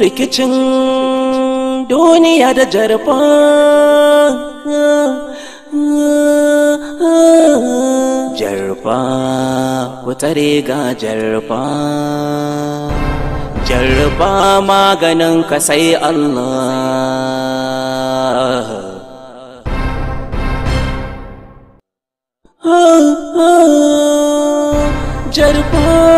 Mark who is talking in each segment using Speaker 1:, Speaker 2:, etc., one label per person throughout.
Speaker 1: rikicin duniya da jarfa jarfa ku tare ga jarfa jarfa maganin ka sai Allah jarfa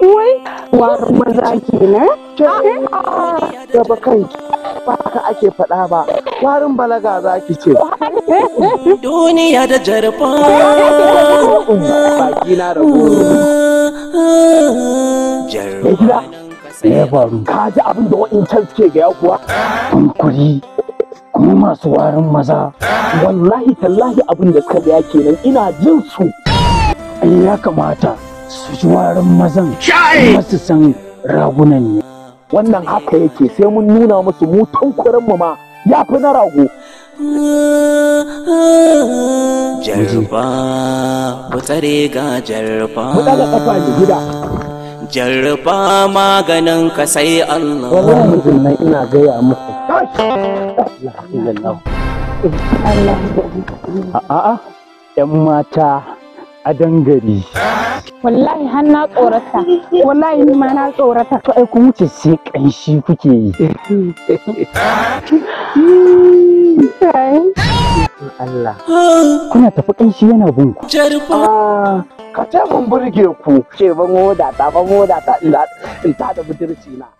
Speaker 1: wai warin maza kenan ah. gaba kai ba ka ake faɗa ba warin balaga za ki ce duniya da jarfa baki na da gida ya faru ka ji abin da wa'incan suke gaya kuwa kuri kuma masu warin maza wallahi tallahi abin da suka gaya kenan ina jin su ya kamata su ji warin mazan masu su san ragunan ne wannan haka yake sai mun nuna musu mu kuran mu ma ya fi na rago jarfa ku tsare ga jarfa mu daga kafa ne gida jarfa maganin ka sai Allah wallahi mutum nan ina gaya muku a'a yan mata a dangare. Wallahi har na tsorata. Wallahi ni ma na tsorata. To ai ku wuce sai kanshi kuke yi. Allah. Ah. Kuna tafi kanshi yana bin ku. Ah, ka ce ban burge ku. Ke ban moda ta ban moda ta in ta da budurci na.